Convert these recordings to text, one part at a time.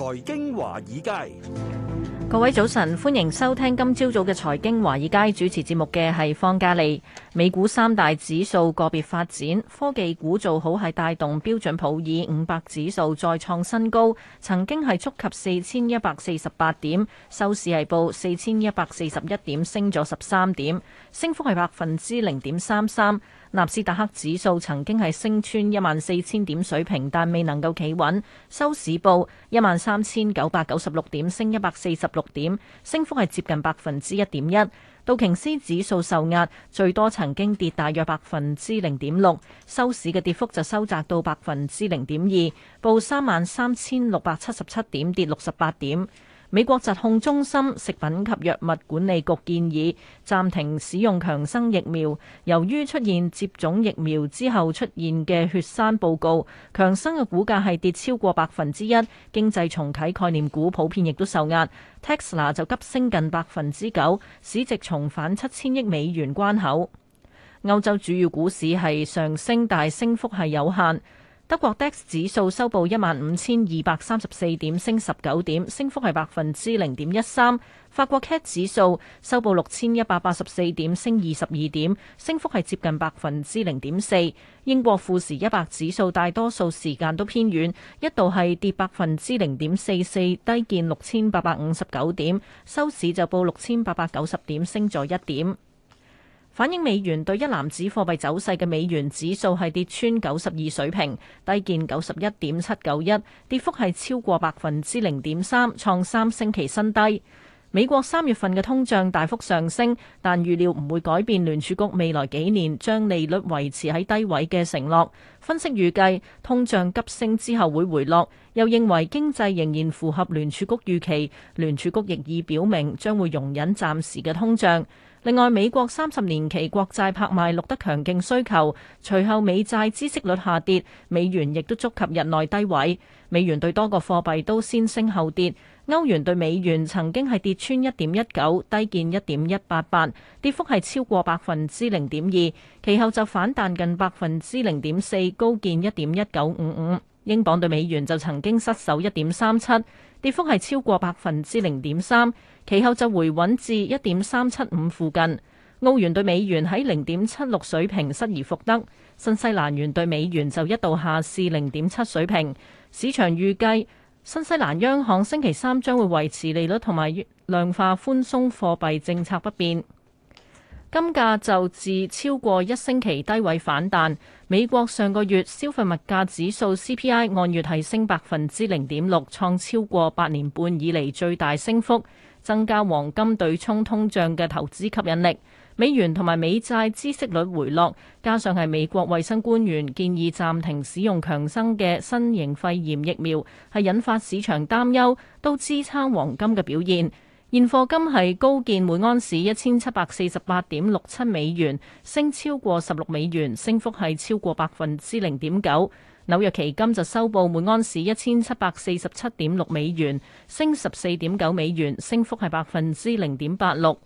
財經華爾街，各位早晨，歡迎收聽今朝早嘅財經華爾街主持節目嘅係方嘉利，美股三大指數個別發展，科技股做好係帶動標準普爾五百指數再創新高，曾經係觸及四千一百四十八點，收市係報四千一百四十一點，升咗十三點，升幅係百分之零點三三。納斯達克指數曾經係升穿一萬四千點水平，但未能夠企穩，收市報一萬三千九百九十六點，升一百四十六點，升幅係接近百分之一點一。道瓊斯指數受壓，最多曾經跌大約百分之零點六，收市嘅跌幅就收窄到百分之零點二，報三萬三千六百七十七點，跌六十八點。美國疾控中心，食品及藥物管理局建議暫停使用強生疫苗，由於出現接種疫苗之後出現嘅血栓報告，強生嘅股價係跌超過百分之一，經濟重啟概念股普遍亦都受壓。Tesla 就急升近百分之九，市值重返七千億美元關口。歐洲主要股市係上升，但升幅係有限。德國 DAX 指數收報一萬五千二百三十四點，升十九點，升幅係百分之零點一三。法國 CAC 指數收報六千一百八十四點，升二十二點，升幅係接近百分之零點四。英國富時一百指數大多數時間都偏軟，一度係跌百分之零點四四，低見六千八百五十九點，收市就報六千八百九十點，升咗一點。反映美元對一籃子貨幣走勢嘅美元指數係跌穿九十二水平，低見九十一點七九一，跌幅係超過百分之零點三，創三星期新低。美國三月份嘅通脹大幅上升，但預料唔會改變聯儲局未來幾年將利率維持喺低位嘅承諾。分析預計通脹急升之後會回落，又認為經濟仍然符合聯儲局預期，聯儲局亦已表明將會容忍暫時嘅通脹。另外，美國三十年期國債拍賣錄得強勁需求，隨後美債孳息率下跌，美元亦都觸及日內低位。美元對多個貨幣都先升後跌，歐元對美元曾經係跌穿一點一九，低見一點一八八，跌幅係超過百分之零點二，其後就反彈近百分之零點四，高見一點一九五五。英鎊對美元就曾經失守一點三七，跌幅係超過百分之零點三，其後就回穩至一點三七五附近。澳元對美元喺零點七六水平失而復得，新西蘭元對美元就一度下試零點七水平。市場預計新西蘭央行星期三將會維持利率同埋量化寬鬆貨幣政策不變。金價就至超過一星期低位反彈。美國上個月消費物價指數 CPI 按月係升百分之零點六，創超過八年半以嚟最大升幅，增加黃金對沖通脹嘅投資吸引力。美元同埋美債孳息率回落，加上係美國衞生官員建議暫停使用強生嘅新型肺炎疫苗，係引發市場擔憂，都支撐黃金嘅表現。現貨金係高見每安士一千七百四十八點六七美元，升超過十六美元，升幅係超過百分之零點九。紐約期金就收報每安士一千七百四十七點六美元，升十四點九美元，升幅係百分之零點八六。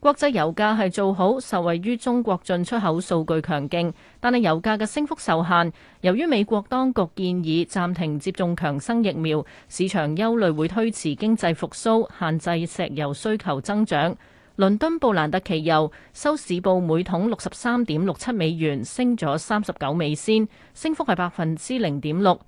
國際油價係做好，受惠於中國進出口數據強勁，但係油價嘅升幅受限。由於美國當局建議暫停接種強生疫苗，市場憂慮會推遲經濟復甦，限制石油需求增長。倫敦布蘭特期油收市報每桶六十三點六七美元，升咗三十九美仙，升幅係百分之零點六。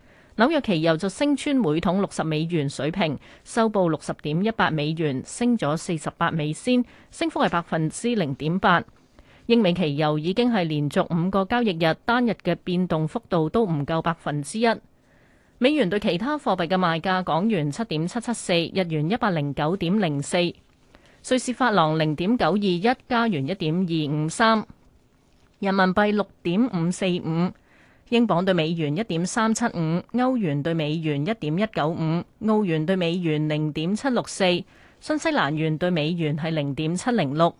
紐約期油就升穿每桶六十美元水平，收報六十點一八美元，升咗四十八美仙，升幅係百分之零點八。英美期油已經係連續五個交易日單日嘅變動幅度都唔夠百分之一。美元對其他貨幣嘅賣價：港元七點七七四，日元一百零九點零四，瑞士法郎零點九二一，加元一點二五三，人民幣六點五四五。英鎊對美元一點三七五，歐元對美元一點一九五，澳元對美元零點七六四，新西蘭元對美元係零點七零六。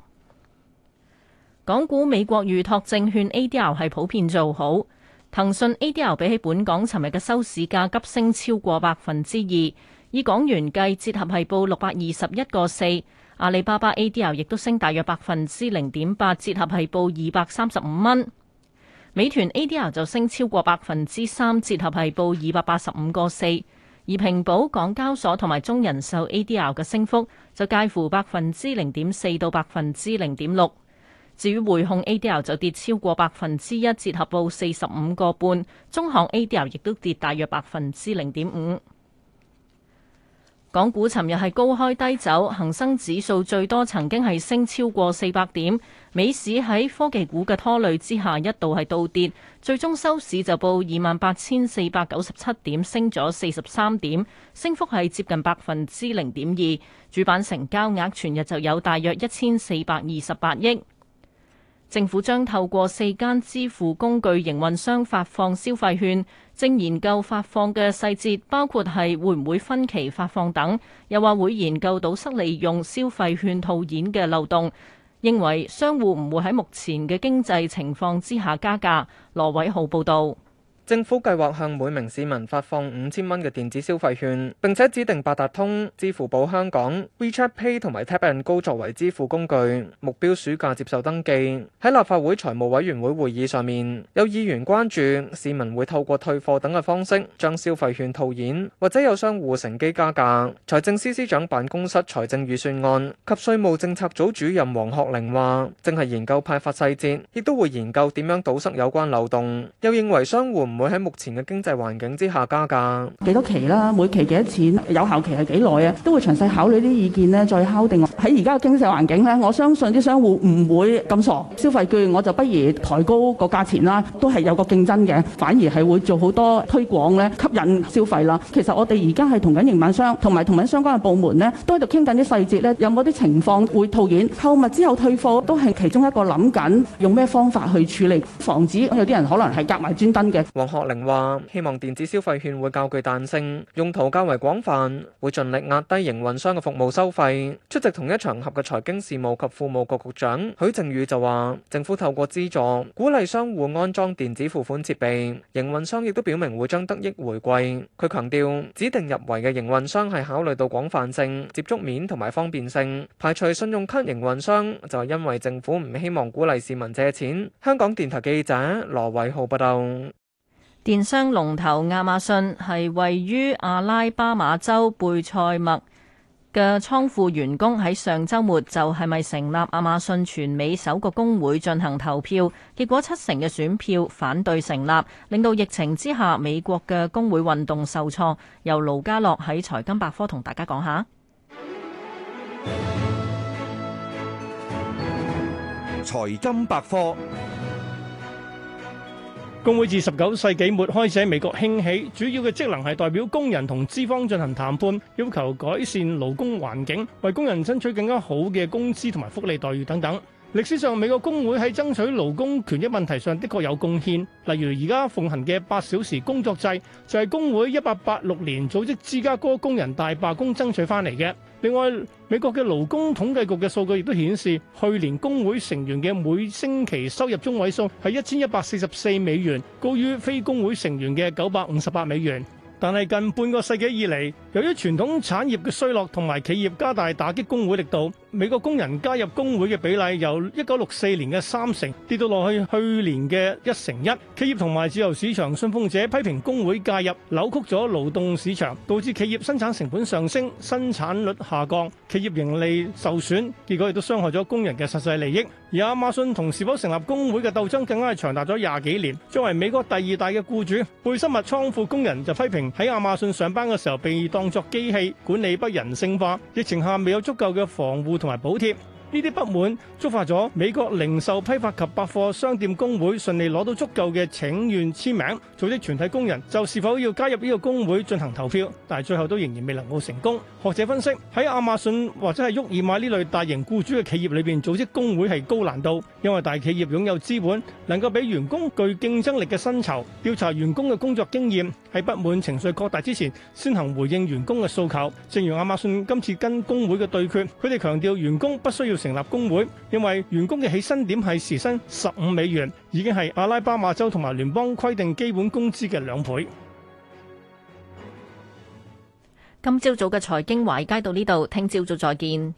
港股美國預託證券 ADR 係普遍做好，騰訊 ADR 比起本港尋日嘅收市價急升超過百分之二，以港元計折合係報六百二十一個四。阿里巴巴 ADR 亦都升大約百分之零點八，折合係報二百三十五蚊。美團 ADR 就升超過百分之三，折合係報二百八十五個四，而平保港交所同埋中人壽 ADR 嘅升幅就介乎百分之零點四到百分之零點六。至於匯控 ADR 就跌超過百分之一，折合報四十五個半，中行 ADR 亦都跌大約百分之零點五。港股尋日係高開低走，恒生指數最多曾經係升超過四百點。美市喺科技股嘅拖累之下一度係倒跌，最終收市就報二萬八千四百九十七點，升咗四十三點，升幅係接近百分之零點二。主板成交額全日就有大約一千四百二十八億。政府將透過四間支付工具營運商發放消費券，正研究發放嘅細節，包括係會唔會分期發放等，又話會研究堵塞利用消費券套現嘅漏洞，認為商戶唔會喺目前嘅經濟情況之下加價。羅偉浩報導。政府計劃向每名市民發放五千蚊嘅電子消費券，並且指定八達通、支付寶香港、WeChat Pay 同埋 Tap & Go 作為支付工具。目標暑假接受登記。喺立法會財務委員會會議上面，有議員關注市民會透過退貨等嘅方式將消費券套現，或者有商戶乘機加價。財政司司長辦公室財政預算案及稅務政策組主任黃學玲話：正係研究派發細節，亦都會研究點樣堵塞有關漏洞。又認為商戶唔會喺目前嘅經濟環境之下加價幾多期啦？每期幾多錢？有效期係幾耐啊？都會詳細考慮啲意見咧，再敲定。喺而家嘅經濟環境咧，我相信啲商戶唔會咁傻，消費券我就不如抬高個價錢啦，都係有個競爭嘅，反而係會做好多推廣咧，吸引消費啦。其實我哋而家係同緊營辦商，同埋同緊相關嘅部門咧，都喺度傾緊啲細節咧，有冇啲情況會套現？購物之後退貨都係其中一個諗緊，用咩方法去處理？防止有啲人可能係夾埋專登嘅。學玲話，希望電子消費券會較具彈性，用途較為廣泛，會盡力壓低營運商嘅服務收費。出席同一場合嘅財經事務及庫務局局，局長許正宇就話，政府透過資助鼓勵商戶安裝電子付款設備，營運商亦都表明會將得益回饋。佢強調，指定入圍嘅營運商係考慮到廣泛性、接觸面同埋方便性，排除信用卡營運商就係、是、因為政府唔希望鼓勵市民借錢。香港電台記者羅偉浩報道。電商龍頭亞馬遜係位於阿拉巴馬州貝塞麥嘅倉庫員工喺上周末就係咪成立亞馬遜全美首個工會進行投票，結果七成嘅選票反對成立，令到疫情之下美國嘅工會運動受挫。由盧家樂喺財金百科同大家講下財金百科。工會自十九世紀末開始喺美國興起，主要嘅職能係代表工人同資方進行談判，要求改善勞工環境，為工人爭取更加好嘅工資同埋福利待遇等等。歷史上，美國工會喺爭取勞工權益問題上的確有貢獻，例如而家奉行嘅八小時工作制，就係、是、工會一八八六年組織芝加哥工人大罷工爭取翻嚟嘅。另外，美國嘅勞工統計局嘅數據亦都顯示，去年工會成員嘅每星期收入中位數係一千一百四十四美元，高於非工會成員嘅九百五十八美元。但係近半個世紀以嚟，由於傳統產業嘅衰落同埋企業加大打擊工會力度，美國工人加入工會嘅比例由一九六四年嘅三成跌到落去去年嘅一成一。企業同埋自由市場信奉者批評工會介入扭曲咗勞動市場，導致企業生產成本上升、生產率下降、企業盈利受損，結果亦都傷害咗工人嘅實際利益。而亞馬遜同是否成立工會嘅鬥爭，更加係長達咗廿幾年。作為美國第二大嘅雇主，貝斯麥倉庫工人就批評喺亞馬遜上班嘅時候被創作機器管理不人性化，疫情下未有足夠嘅防護同埋補貼。呢啲不滿觸發咗美國零售批發及百貨商店工會順利攞到足夠嘅請願簽名，組織全體工人就是否要加入呢個工會進行投票，但係最後都仍然未能夠成功。學者分析喺亞馬遜或者係沃爾瑪呢類大型僱主嘅企業裏邊組織工會係高難度，因為大企業擁有資本，能夠俾員工具競爭力嘅薪酬，調查員工嘅工作經驗，喺不滿情緒擴大之前先行回應員工嘅訴求。正如亞馬遜今次跟工會嘅對決，佢哋強調員工不需要。成立工會，因為員工嘅起薪點係時薪十五美元，已經係阿拉巴馬州同埋聯邦規定基本工資嘅兩倍。今朝早嘅財經華爾街到呢度，聽朝早再見。